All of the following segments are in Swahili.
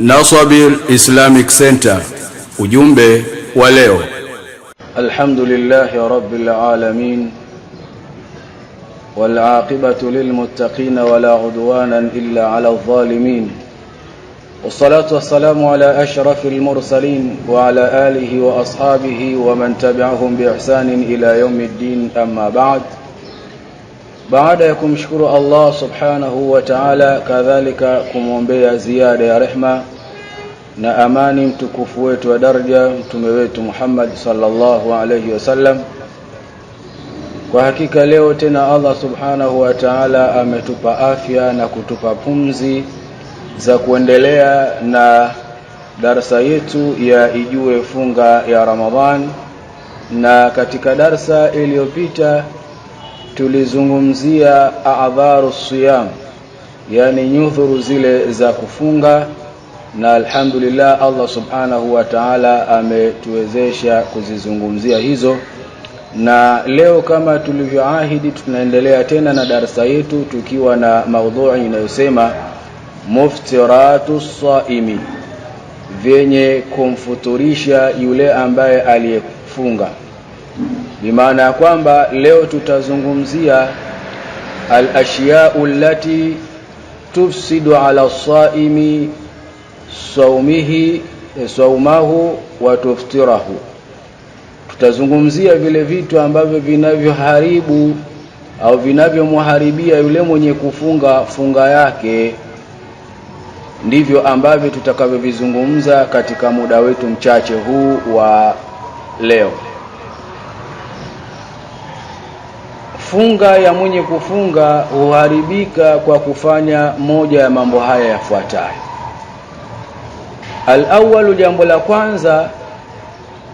Nasabir Islamic Center. Ujumbe wa leo. Alhamdulillah rabbil alamin wal aqibatu lil muttaqin wala udwanan illa ala adh-dhalimin. والصلاة والسلام على أشرف المرسلين وعلى آله وأصحابه ومن تبعهم بإحسان إلى يوم الدين أما بعد Baada ya kumshukuru Allah subhanahu wa ta'ala, kadhalika kumwombea ziada ya rehma na amani mtukufu wetu wa daraja mtume wetu Muhammad sallallahu alayhi wasallam. Kwa hakika leo tena Allah subhanahu wa ta'ala ametupa afya na kutupa pumzi za kuendelea na darsa yetu ya Ijue Funga ya Ramadhan, na katika darsa iliyopita tulizungumzia adharu siyam, yani nyudhuru zile za kufunga, na alhamdulillah Allah subhanahu wa ta'ala ametuwezesha kuzizungumzia hizo, na leo kama tulivyoahidi, tunaendelea tena na darsa yetu tukiwa na maudhui inayosema muftiratu saimi, vyenye kumfuturisha yule ambaye aliyefunga bimaana ya kwamba leo tutazungumzia alashyau allati tufsidu ala saimi saumihi e, saumahu wa tuftirahu. Tutazungumzia vile vitu ambavyo vinavyoharibu au vinavyomharibia yule mwenye kufunga funga yake, ndivyo ambavyo tutakavyovizungumza katika muda wetu mchache huu wa leo. funga ya mwenye kufunga huharibika kwa kufanya moja ya mambo haya yafuatayo. Alawalu, jambo la kwanza,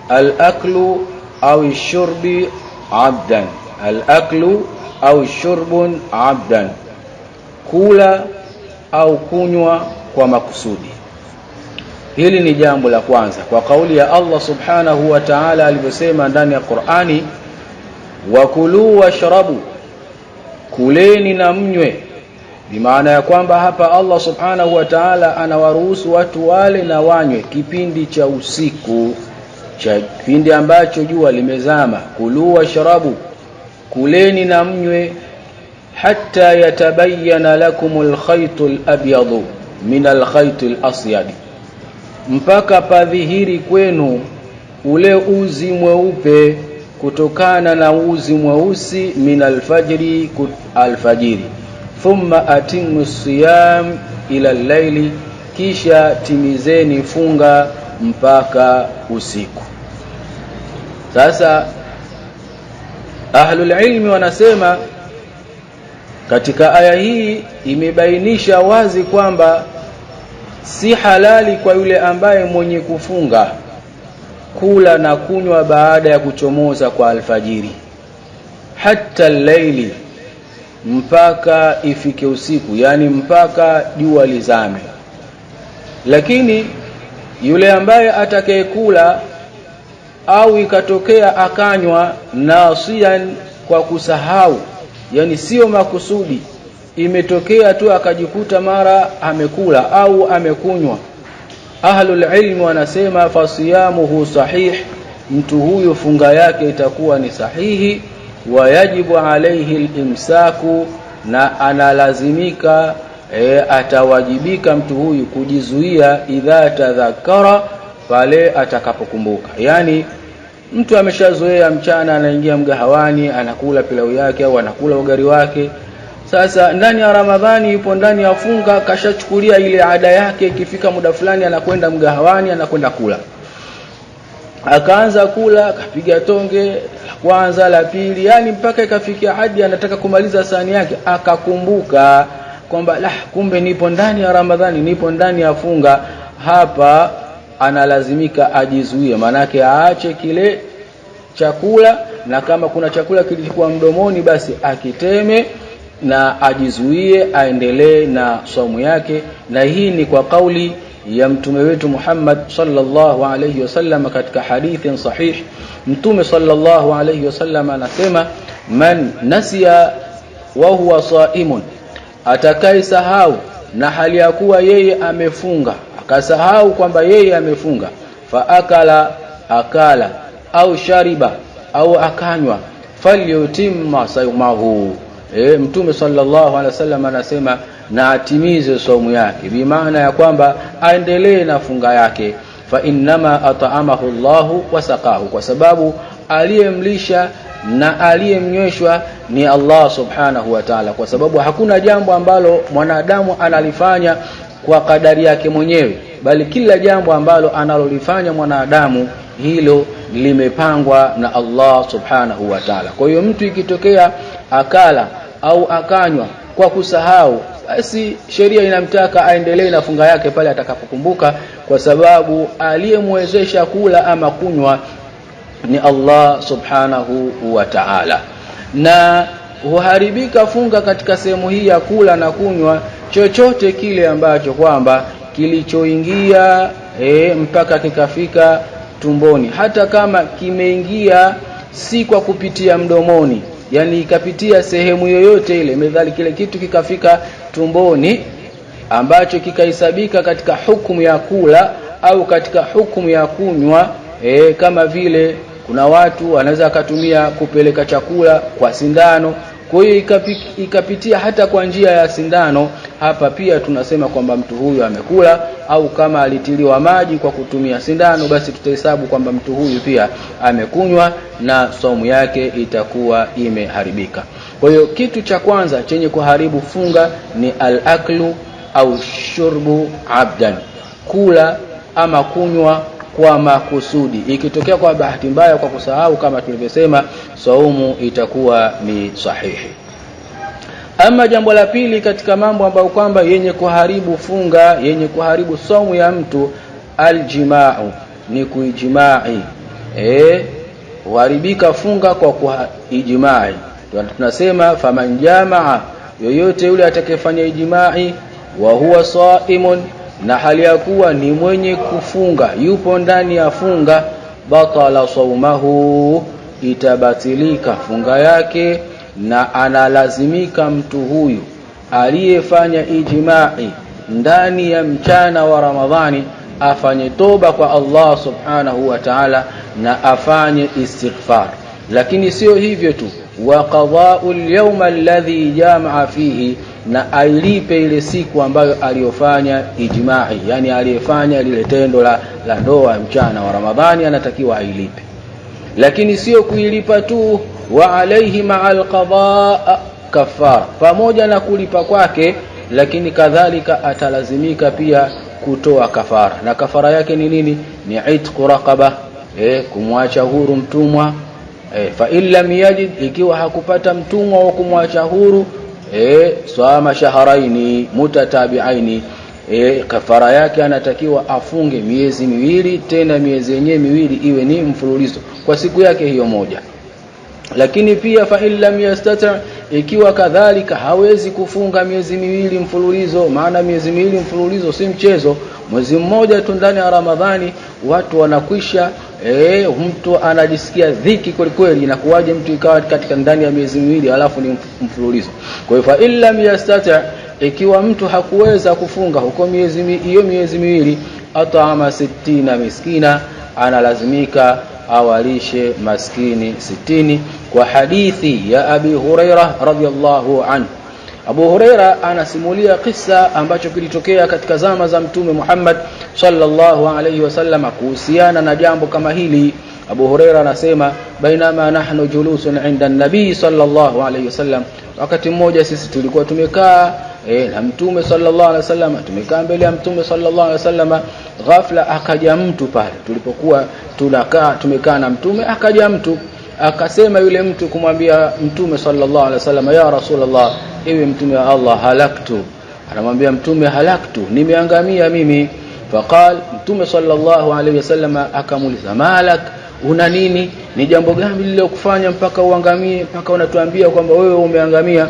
alaklu au shurbi abdan, alaklu au shurbun abdan, kula au kunywa kwa makusudi. Hili ni jambo la kwanza, kwa kauli ya Allah subhanahu wa ta'ala alivyosema ndani ya Qur'ani wakuluu washrabu, kuleni na mnywe. Bimaana ya kwamba hapa Allah subhanahu wa ta'ala anawaruhusu watu wale na wanywe kipindi cha usiku cha kipindi ambacho jua limezama. Kuluu washrabu, kuleni na mnywe, hata yatabayana lakum alkhaytu alabyadu min alkhayti alasyad, mpaka padhihiri kwenu ule uzi mweupe kutokana na uzi mweusi min alfajri, alfajiri. Thumma atimu siyam ila llaili, kisha timizeni funga mpaka usiku. Sasa ahlulilmi wanasema katika aya hii imebainisha wazi kwamba si halali kwa yule ambaye mwenye kufunga kula na kunywa baada ya kuchomoza kwa alfajiri, hata laili, mpaka ifike usiku, yaani mpaka jua lizame. Lakini yule ambaye atakayekula au ikatokea akanywa nasian, kwa kusahau, yani sio makusudi, imetokea tu akajikuta mara amekula au amekunywa ahlul ilm wanasema fasiyamuhu sahih, mtu huyu funga yake itakuwa ni sahihi. Wayajibu alaihi limsaku, na analazimika e, atawajibika mtu huyu kujizuia idha tadhakara, pale atakapokumbuka. Yani mtu ameshazoea mchana, anaingia mgahawani, anakula pilau yake au anakula ugari wake sasa ndani ya Ramadhani yupo ndani ya funga, kashachukulia ile ada yake, ikifika muda fulani anakwenda mgahawani, anakwenda kula, akaanza kula, akapiga tonge la kwanza, la pili, yani mpaka ikafikia hadi anataka kumaliza sahani yake, akakumbuka kwamba la, kumbe nipo ndani ya Ramadhani, nipo ndani ya funga. Hapa analazimika ajizuie, maanake aache kile chakula, na kama kuna chakula kilikuwa mdomoni, basi akiteme na ajizuie aendelee na saumu yake, na hii ni kwa kauli ya mtume wetu Muhammad sallallahu alayhi wasallam katika hadithi sahih. Mtume sallallahu alayhi wasallam anasema, man nasiya wa huwa saimun, atakayesahau na hali ya kuwa yeye amefunga, akasahau kwamba yeye amefunga, fa akala akala au shariba au akanywa, falyutimma saumahu E, Mtume sallallahu alaihi wasallam anasema na atimize saumu yake, bi maana ya kwamba aendelee na funga yake. Fa innama at'amahu Allahu wasaqahu, kwa sababu aliyemlisha na aliyemnyweshwa ni Allah subhanahu wa ta'ala, kwa sababu hakuna jambo ambalo mwanadamu analifanya kwa kadari yake mwenyewe, bali kila jambo ambalo analolifanya mwanadamu hilo limepangwa na Allah subhanahu wa ta'ala. Kwa hiyo mtu ikitokea akala au akanywa kwa kusahau, basi sheria inamtaka aendelee na funga yake pale atakapokumbuka, kwa sababu aliyemwezesha kula ama kunywa ni Allah subhanahu wa ta'ala. Na huharibika funga katika sehemu hii ya kula na kunywa, chochote kile ambacho kwamba kilichoingia e, mpaka kikafika tumboni, hata kama kimeingia si kwa kupitia mdomoni yani ikapitia sehemu yoyote ile medhali kile kitu kikafika tumboni ambacho kikahesabika katika hukumu ya kula au katika hukumu ya kunywa e, kama vile kuna watu wanaweza akatumia kupeleka chakula kwa sindano kwa hiyo ikapitia hata kwa njia ya sindano, hapa pia tunasema kwamba mtu huyu amekula, au kama alitiliwa maji kwa kutumia sindano, basi tutahesabu kwamba mtu huyu pia amekunywa na somu yake itakuwa imeharibika. Kwa hiyo kitu cha kwanza chenye kuharibu funga ni al-aklu au shurbu abdan, kula ama kunywa kwa makusudi. Ikitokea kwa bahati mbaya, kwa kusahau, kama tulivyosema, saumu itakuwa ni sahihi. Ama jambo la pili katika mambo ambayo kwamba yenye kuharibu funga, yenye kuharibu saumu ya mtu, aljimau, ni kuijimai. eh huharibika funga kwa kuijimai. Tunasema faman jamaa, yoyote yule atakayefanya ijimai wa huwa saimun na hali ya kuwa ni mwenye kufunga, yupo ndani ya funga, batala saumahu, itabatilika funga yake, na analazimika mtu huyu aliyefanya ijmai ndani ya mchana wa Ramadhani afanye toba kwa Allah subhanahu wa ta'ala, na afanye istighfar. Lakini sio hivyo tu, wa qadhau al-yawma alladhi jamaa fihi na ailipe ile siku ambayo aliyofanya ijmai, yani aliyefanya lile tendo la, la ndoa mchana wa Ramadhani anatakiwa ailipe, lakini sio kuilipa tu. Wa alaihi maa alqadaa kafara, pamoja na kulipa kwake, lakini kadhalika atalazimika pia kutoa kafara, na kafara yake ni nini? Ni itqu raqaba, e, kumwacha huru mtumwa e, fa in lam yajid, ikiwa hakupata mtumwa wa kumwacha huru e, swama shaharaini mutatabiaini e, kafara yake anatakiwa afunge miezi miwili, tena miezi yenyewe miwili iwe ni mfululizo kwa siku yake hiyo moja. Lakini pia fa lam yastati, ikiwa kadhalika hawezi kufunga miezi miwili mfululizo, maana miezi miwili mfululizo si mchezo. Mwezi mmoja tu ndani ya Ramadhani watu wanakwisha E, mtu anajisikia dhiki kwelikweli, inakuwaje mtu ikawa katika ndani ya miezi miwili alafu ni mfululizo? Kwa hiyo fa in lam yastati, ikiwa mtu hakuweza kufunga huko miezi hiyo miezi miwili, atama sittina miskina, analazimika awalishe maskini sitini, kwa hadithi ya Abi Hurairah radhiyallahu anhu Abu Huraira anasimulia kisa ambacho kilitokea katika zama za Mtume Muhammad sallallahu alayhi wasallam kuhusiana na jambo kama hili. Abu Huraira anasema bainama nahnu julusun inda nabii sallallahu alayhi wasallam, wakati mmoja sisi tulikuwa tumekaa e, na Mtume sallallahu alayhi wasallam, tumekaa mbele ya Mtume sallallahu alayhi wasallam, ghafla akaja mtu pale tulipokuwa tunakaa, tumekaa na Mtume akaja mtu akasema yule mtu kumwambia mtume sallallahu alaihi wasallam, ya Rasulullah, ewe mtume wa Allah, halaktu, anamwambia mtume halaktu, nimeangamia mimi. Faqal, mtume sallallahu alaihi wasallam akamuuliza, malak, una nini? Ni jambo gani lililokufanya mpaka uangamie, mpaka unatuambia kwamba wewe umeangamia?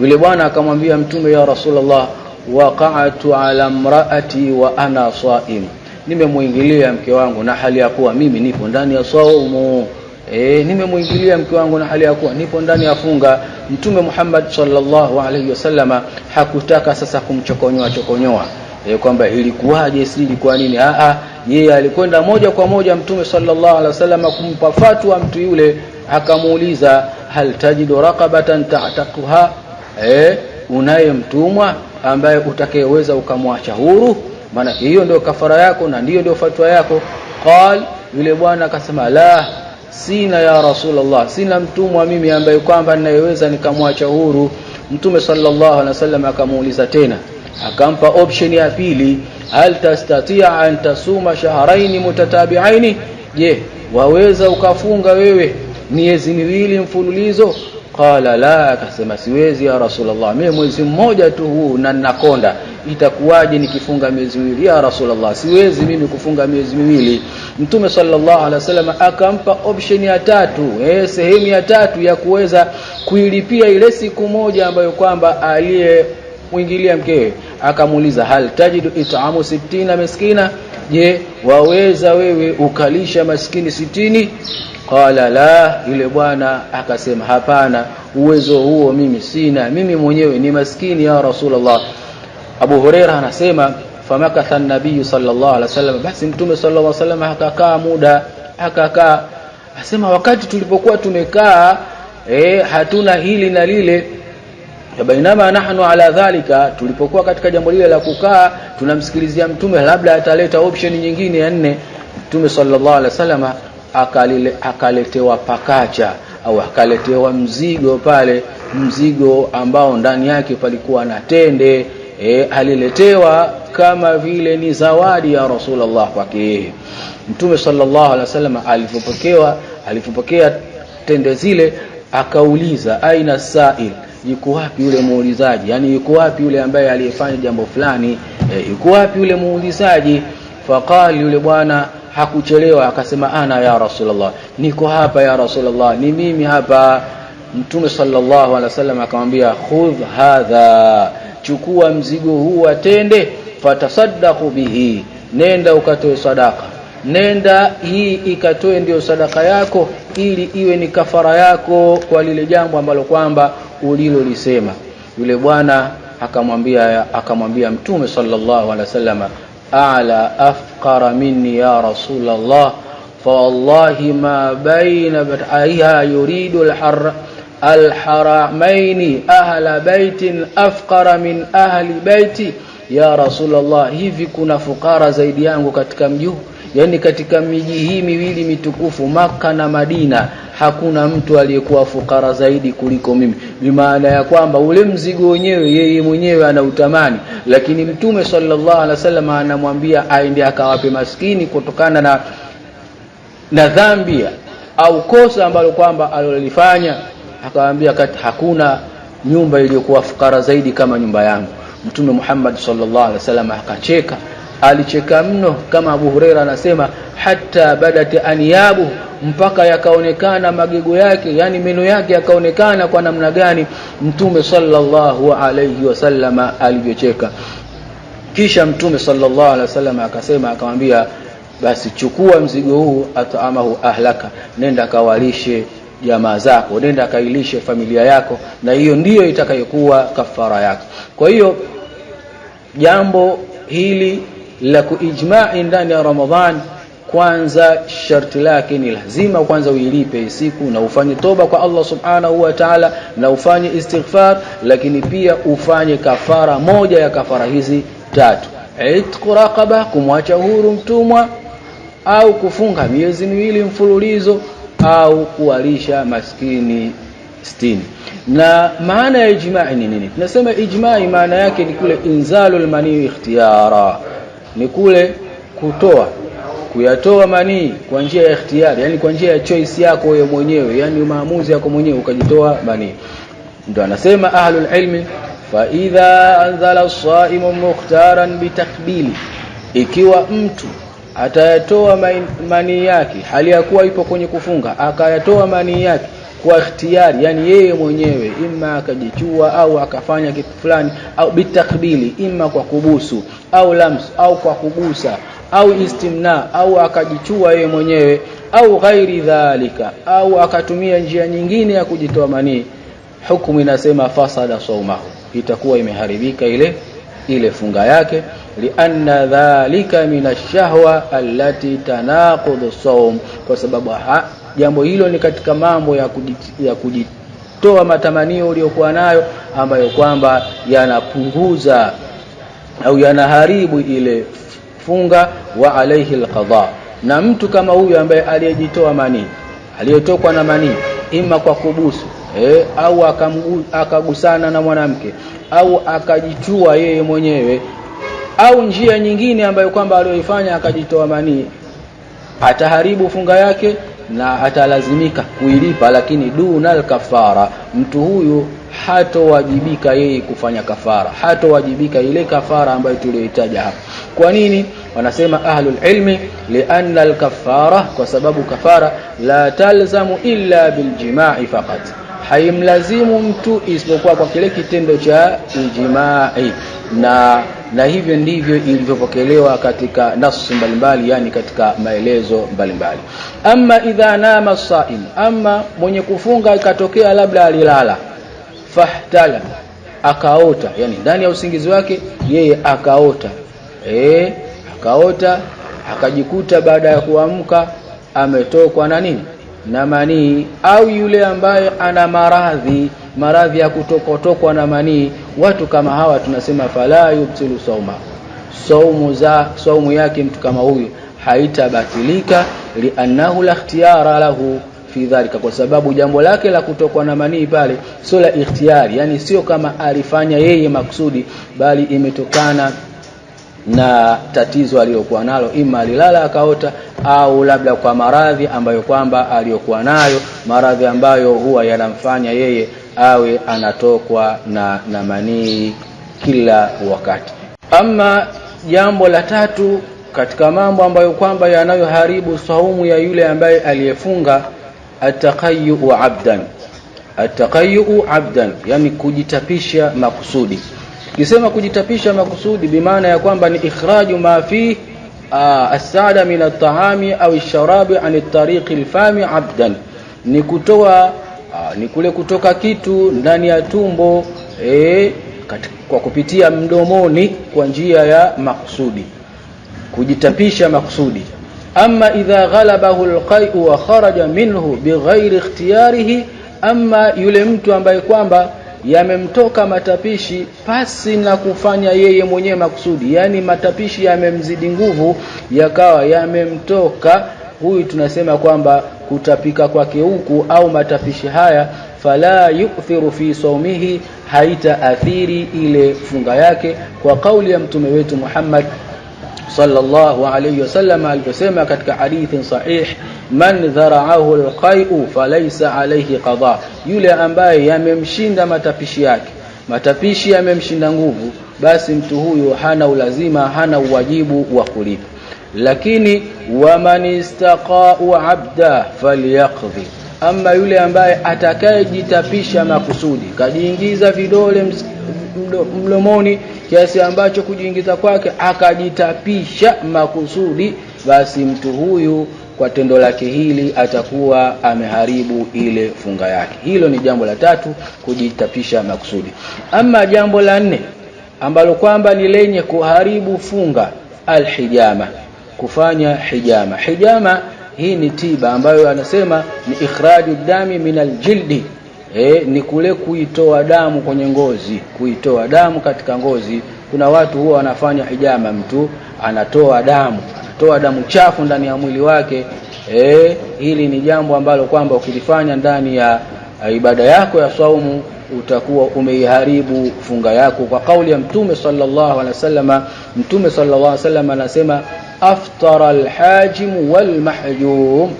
Yule bwana akamwambia mtume, ya Rasulullah, waqa'tu ala mraati wa ana saim, nimemwingilia mke wangu na hali ya kuwa mimi nipo ndani ya saumu. E, nimemwingilia mke wangu na hali ya kuwa nipo ndani ya funga. Mtume Muhammad sallallahu alaihi wasallama hakutaka sasa kumchokonyoa chokonyoa e, kwamba ilikuwaje, si ilikuwa nini? Aa, ah, ah, yeye alikwenda moja kwa moja Mtume sallallahu alaihi wasallama kumpa fatwa mtu yule, akamuuliza hal tajidu raqabatan ta'taquha, e, eh, unaye mtumwa ambaye utakayeweza ukamwacha huru? Maanake hiyo ndio kafara yako na ndiyo ndio fatwa yako. Qal, yule bwana akasema la sina ya rasulullah sina mtumwa mimi ambaye kwamba ninayeweza nikamwacha huru mtume sallallahu alaihi wasallam akamuuliza tena akampa option ya pili hal tastatia an tasuma shahrayn mutatabi'aini je waweza ukafunga wewe miezi miwili mfululizo qala la, akasema siwezi ya Rasulullah, mimi mwezi mmoja tu huu na nakonda itakuwaje nikifunga miezi miwili? Ya Rasulullah, siwezi mimi kufunga miezi miwili. Mtume sallallahu alaihi wasallam akampa option ya tatu, eh, sehemu ya tatu ya kuweza kuilipia ile siku moja ambayo kwamba aliye mkewe. Akamuuliza, hal tajidu itamu 60 miskina je waweza wewe ukalisha maskini sitini qala la yule bwana akasema hapana uwezo huo mimi sina mimi mwenyewe ni maskini ya rasulullah abu hurairah anasema famakatha nabii sallallahu alaihi wasallam basi mtume sallallahu alaihi wasallam akakaa muda akakaa asema wakati tulipokuwa tumekaa eh hatuna hili na lile bainama nahnu ala dhalika, tulipokuwa katika jambo lile la kukaa tunamsikilizia Mtume, labda ataleta option nyingine ya nne. Mtume sallallahu alaihi wasallam akaletewa pakacha au akaletewa mzigo pale, mzigo ambao ndani yake palikuwa na tende e, aliletewa kama vile ni zawadi ya Rasulullah kwake yeye. Mtume sallallahu alaihi wasallam alipopokewa alipopokea tende zile akauliza, aina sail yuko wapi yule muulizaji? Yani yuko wapi yule ambaye aliyefanya jambo fulani? E, eh, yuko wapi yule muulizaji? Faqali, yule bwana hakuchelewa akasema, ana ya Rasulullah, niko hapa ya Rasulullah, ni mimi hapa. Mtume sallallahu alaihi wasallam akamwambia, khudh hadha, chukua mzigo huu, atende fatasaddaqu bihi, nenda ukatoe sadaka nenda hii ikatoe ndio sadaka yako, ili iwe ni kafara yako kwa lile jambo ambalo kwamba ulilolisema. Yule bwana akamwambia akamwambia Mtume sallallahu alaihi wasallam, ala afqara minni ya Rasulullah fa wallahi ma baina bataiha yuridu alharamaini ahla baitin afqara min ahli baiti ya Rasulullah, hivi kuna fukara zaidi yangu katika mji yani katika miji hii miwili mitukufu Maka na Madina hakuna mtu aliyekuwa fukara zaidi kuliko mimi, bimaana ya kwamba ule mzigo wenyewe yeye mwenyewe anautamani, lakini Mtume sallallahu alaihi wasallam anamwambia aende akawape maskini kutokana na, na dhambi au kosa ambalo kwamba alilifanya Akawaambia kati hakuna nyumba iliyokuwa fukara zaidi kama nyumba yangu. Mtume Muhammad sallallahu alaihi wasallam akacheka, alicheka mno, kama Abu Huraira anasema, hata badat aniyabu mpaka yakaonekana magego yake yani meno yake yakaonekana kwa namna gani mtume sallallahu alayhi wasallam alivyocheka kisha mtume sallallahu alayhi wasallam akasema akamwambia basi chukua mzigo huu ataamahu ahlaka nenda kawalishe jamaa zako nenda kailishe familia yako na hiyo ndiyo itakayokuwa kafara yako kwa hiyo jambo hili la kuijmai ndani ya ramadhani kwanza sharti lake ni lazima kwanza uilipe siku na ufanye toba kwa Allah subhanahu wa ta'ala, na ufanye istighfar, lakini pia ufanye kafara. Moja ya kafara hizi tatu, itqu raqaba, kumwacha huru mtumwa, au kufunga miezi miwili mfululizo, au kuwalisha maskini sitini. Na maana ya ijma'i ni nini? Tunasema ijma'i maana yake ni kule inzalul mani ikhtiyara, ni kule kutoa kuyatoa manii kwa njia ya ikhtiyari, yani kwa njia ya choice yako wewe mwenyewe, yani maamuzi yako mwenyewe ukajitoa manii. Ndio anasema ahlul ilmi, fa idha anzala saimu mukhtaran bitakbili, ikiwa mtu atayatoa manii yake hali ya kuwa ipo kwenye kufunga, akayatoa manii yake kwa ikhtiyari, yani yeye mwenyewe, ima akajichua au akafanya kitu fulani, au bitakbili, ima kwa kubusu au lams au kwa kugusa au istimna au akajichua yeye mwenyewe au ghairi dhalika au akatumia njia nyingine ya kujitoa manii, hukumu inasema fasada saumahu, itakuwa imeharibika ile ile funga yake, lianna dhalika min ashahwa allati tanaqudhu saum, kwa sababu ha, jambo hilo ni katika mambo ya, kujit, ya kujitoa matamanio uliyokuwa nayo ambayo kwamba yanapunguza au yanaharibu ile kufunga wa alaihi alqadha, na mtu kama huyu ambaye aliyejitoa manii aliyetokwa na manii ima kwa kubusu eh, au akagusana na mwanamke au akajichua yeye mwenyewe au njia nyingine ambayo kwamba aliyoifanya akajitoa manii, ataharibu funga yake na atalazimika kuilipa, lakini duna lkafara mtu huyu hatowajibika yeye kufanya kafara, hatowajibika ile kafara ambayo tuliyoitaja hapa. Kwa nini? Wanasema ahlul ilmi, lianna alkafara, kwa sababu kafara la talzamu illa biljimai faqat, haimlazimu mtu isipokuwa kwa kile kitendo cha ijimai na na hivyo ndivyo ilivyopokelewa katika nafsi mbalimbali, yani katika maelezo mbalimbali. Ama idha nama saim, ama mwenye kufunga ikatokea labda alilala fahtala, akaota yani ndani ya usingizi wake yeye akaota e, akaota akajikuta baada ya kuamka ametokwa na nini na manii, au yule ambaye ana maradhi maradhi ya kutokotokwa na manii. Watu kama hawa tunasema fala yubtilu sauma saumu za saumu yake mtu kama huyu haitabatilika, liannahu la ikhtiyara lahu fi dhalika, kwa sababu jambo lake la kutokwa na manii pale sio la ikhtiyari, yani sio kama alifanya yeye maksudi bali imetokana na tatizo aliyokuwa nalo, ima alilala akaota au labda kwa maradhi ambayo kwamba aliyokuwa nayo, maradhi ambayo huwa yanamfanya yeye awe anatokwa na, na manii kila wakati. Ama jambo la tatu katika mambo ambayo kwamba yanayoharibu saumu ya yule ambaye aliyefunga atakayuu abdan, atakayuu abdan, yani kujitapisha makusudi. Kisema kujitapisha makusudi, bimaana ya kwamba ni ikhraju ma fihi asada min ataami au sharabi an tariqi lfami abdan, ni kutoa ni kule kutoka kitu ndani ya tumbo e, kwa kupitia mdomoni kwa njia ya makusudi, kujitapisha makusudi ama idha ghalabahu alqai'u wa kharaja minhu bighairi ikhtiyarihi, ama yule mtu ambaye kwamba yamemtoka matapishi pasi na kufanya yeye mwenyewe makusudi, yaani matapishi yamemzidi nguvu yakawa yamemtoka huyu, tunasema kwamba kutapika kwake huku au matapishi haya, fala yukthiru fi saumihi, athiri ile funga yake, kwa kauli ya mtume wetu Muhammad sallallahu alayhi wasallam alivyosema katika hadithi sahih, man dharaahu alqai'u falaysa alayhi qada, yule ambaye yamemshinda matapishi yake, matapishi yamemshinda nguvu, basi mtu huyu hana ulazima, hana uwajibu wa kulipa. Lakini waman istaqau abda falyaqdhi, ama yule ambaye atakayejitapisha makusudi, kajiingiza vidole mdomoni kiasi ambacho kujiingiza kwake akajitapisha makusudi, basi mtu huyu kwa tendo lake hili atakuwa ameharibu ile funga yake. Hilo ni jambo la tatu, kujitapisha makusudi. Ama jambo la nne ambalo kwamba ni lenye kuharibu funga, alhijama, kufanya hijama. Hijama hii ni tiba ambayo anasema ni ikhraju dami min aljildi eh, ni kule kuitoa damu kwenye ngozi, kuitoa damu katika ngozi. Kuna watu huwa wanafanya hijama, mtu anatoa damu, anatoa damu chafu ndani ya mwili wake. Eh, hili ni jambo ambalo kwamba ukilifanya ndani ya ibada yako ya saumu utakuwa umeiharibu funga yako kwa kauli ya Mtume sallallahu alaihi wasallam. Mtume sallallahu alaihi wasallam anasema aftara alhajimu walmahjum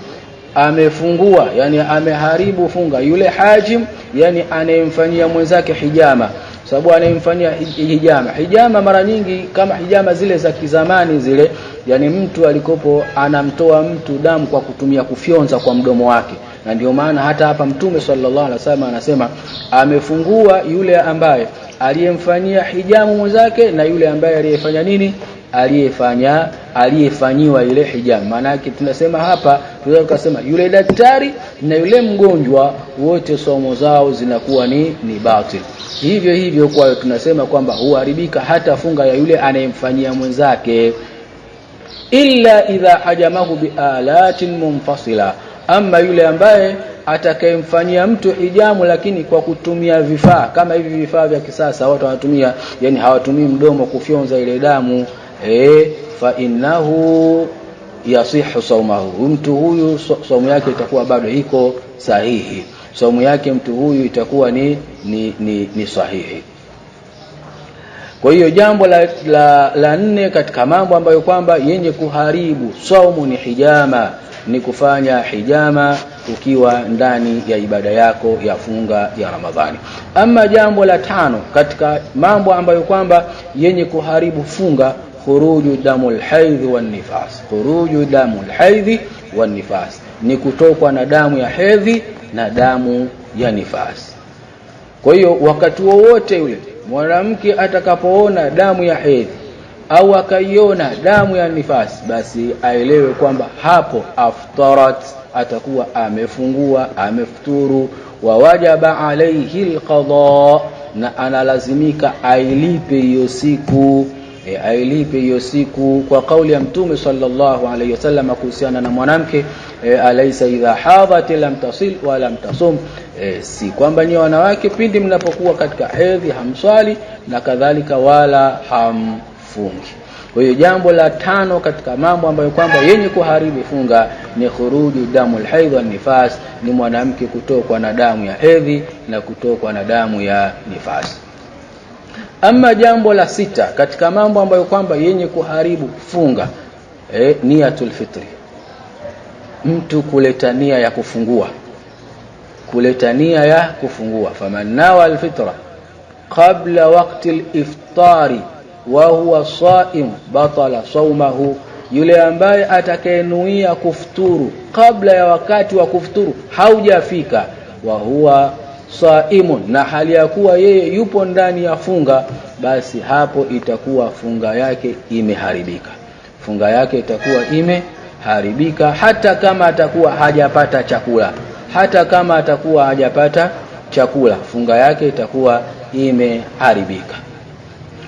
amefungua yani ameharibu funga yule hajim yani anayemfanyia mwenzake hijama sababu anayemfanyia hijama hijama mara nyingi kama hijama zile za kizamani zile yani mtu alikopo anamtoa mtu damu kwa kutumia kufyonza kwa mdomo wake na ndio maana hata hapa mtume sallallahu alaihi wasallam anasema amefungua yule ambaye aliyemfanyia hijamu mwenzake na yule ambaye aliyefanya nini aliyefanya aliyefanyiwa ile hijama. Maana yake tunasema hapa, tunaweza kusema yule daktari na yule mgonjwa wote somo zao zinakuwa ni, ni batil. Hivyo hivyo, kwa hiyo tunasema kwamba huharibika hata funga ya yule anayemfanyia mwenzake, illa idha hajamahu alatin munfasila, ama yule ambaye atakayemfanyia mtu hijamu lakini kwa kutumia vifaa kama hivi vifaa vya kisasa watu wanatumia, yani hawatumii mdomo kufyonza ile damu eh, fa innahu yasihu saumahu, mtu huyu saumu yake itakuwa bado iko sahihi. Saumu yake mtu huyu itakuwa ni, ni, ni, ni sahihi. Kwa hiyo jambo la, la, la nne katika mambo ambayo kwamba yenye kuharibu saumu ni hijama, ni kufanya hijama ukiwa ndani ya ibada yako ya funga ya Ramadhani. Ama jambo la tano katika mambo ambayo kwamba yenye kuharibu funga khuruju damu lhaidhi wan nifas, khuruju damu lhaidhi wan nifas ni kutokwa na damu ya hedhi na damu ya nifasi. Kwa hiyo wakati wowote yule mwanamke atakapoona damu ya hedhi au akaiona damu ya nifasi, basi aelewe kwamba hapo aftarat, atakuwa amefungua amefuturu, wa wajaba alaihi alqada, na analazimika ailipe hiyo siku e, ailipe hiyo siku kwa kauli ya Mtume sallallahu alayhi wasallam kuhusiana na mwanamke e, alaisa idha hadhat lam tasil wa lam tasum e, si kwamba ni wanawake pindi mnapokuwa katika hedhi hamswali na kadhalika wala hamfungi. Kwa hiyo jambo la tano katika mambo ambayo kwamba yenye kuharibu funga ni khuruju damu alhaidh wan nifas, ni mwanamke kutokwa na damu ya hedhi na kutokwa na damu ya nifasi. Ama jambo la sita katika mambo ambayo kwamba yenye kuharibu funga e, niyatul fitri, mtu kuleta nia ya kufungua, kuleta nia ya kufungua. faman nawa alfitra qabla waqti liftari wa huwa saim batala saumahu, yule ambaye atakayenuia kufuturu kabla ya wakati wa kufuturu haujafika, wa huwa saimun, na hali ya kuwa yeye yupo ndani ya funga, basi hapo itakuwa funga yake imeharibika, funga yake itakuwa imeharibika, hata kama atakuwa hajapata chakula, hata kama atakuwa hajapata chakula, funga yake itakuwa imeharibika.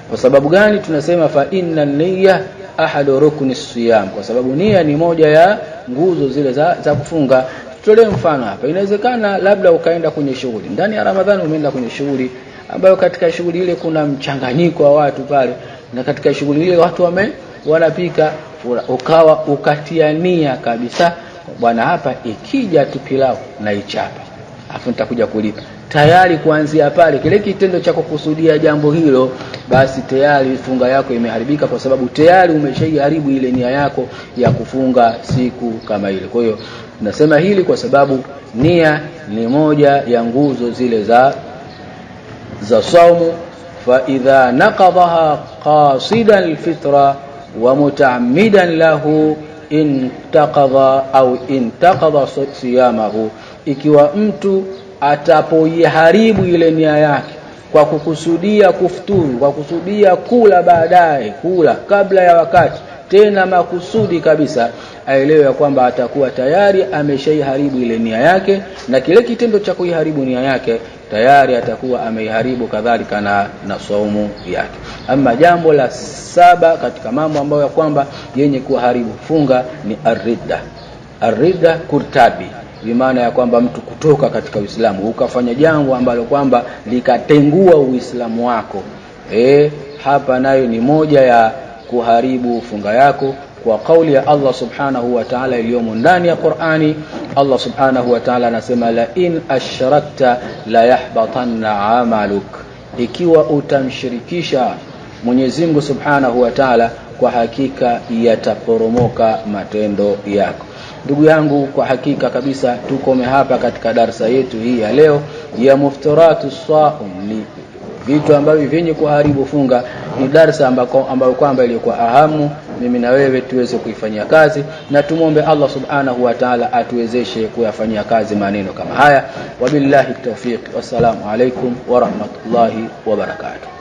Kwa sababu gani? Tunasema fa inna niyya ahadu rukni siyam, kwa sababu nia ni moja ya nguzo zile za, za kufunga. Tutolee mfano hapa, inawezekana labda ukaenda kwenye shughuli ndani ya Ramadhani, umeenda kwenye shughuli ambayo katika shughuli ile kuna mchanganyiko wa watu pale, na katika shughuli ile watu wame wanapika, ukawa nia kabisa, bwana, hapa ikija tu pilau na ichapa, afu nitakuja kulipa tayari. Kuanzia pale, kile kitendo cha kukusudia jambo hilo, basi tayari funga yako imeharibika, kwa sababu tayari umeshaiharibu ile nia yako ya kufunga siku kama ile. Kwa hiyo Nasema hili kwa sababu nia ni moja ya nguzo zile za, za saumu. Fa idha naqadha qasidan alfitra wa mutaammidan lahu intaqadha au intaqadha siyamahu, ikiwa mtu atapoiharibu ile nia yake kwa kukusudia kufuturu, kwa kusudia kula baadaye, kula kabla ya wakati tena makusudi kabisa, aelewe ya kwamba atakuwa tayari ameshaiharibu ile nia yake, na kile kitendo cha kuiharibu nia yake tayari atakuwa ameiharibu kadhalika na, na saumu yake. Ama jambo la saba katika mambo ambayo ya kwamba yenye kuharibu funga ni arridda, arridda kurtabi maana ya kwamba mtu kutoka katika Uislamu ukafanya jambo ambalo kwamba likatengua Uislamu wako. E, hapa nayo ni moja ya kuharibu funga yako kwa kauli ya Allah subhanahu wa ta'ala iliyomo ndani ya Qur'ani. Allah subhanahu wa ta'ala anasema, la in ashrakta la yahbatanna amaluk, ikiwa utamshirikisha Mwenyezi Mungu subhanahu wa ta'ala, kwa hakika yataporomoka matendo yako. Ndugu yangu, kwa hakika kabisa tukome hapa katika darsa yetu hii ya leo ya muftiratu ni vitu ambavyo vyenye kuharibu funga ni darsa ambayo kwamba ilikuwa ahamu mimi na wewe tuweze kuifanyia kazi na tumwombe Allah subhanahu wa ta'ala atuwezeshe kuyafanyia kazi maneno kama haya. Wabillahi tawfiq, wassalamu alaikum warahmatullahi wabarakatuh.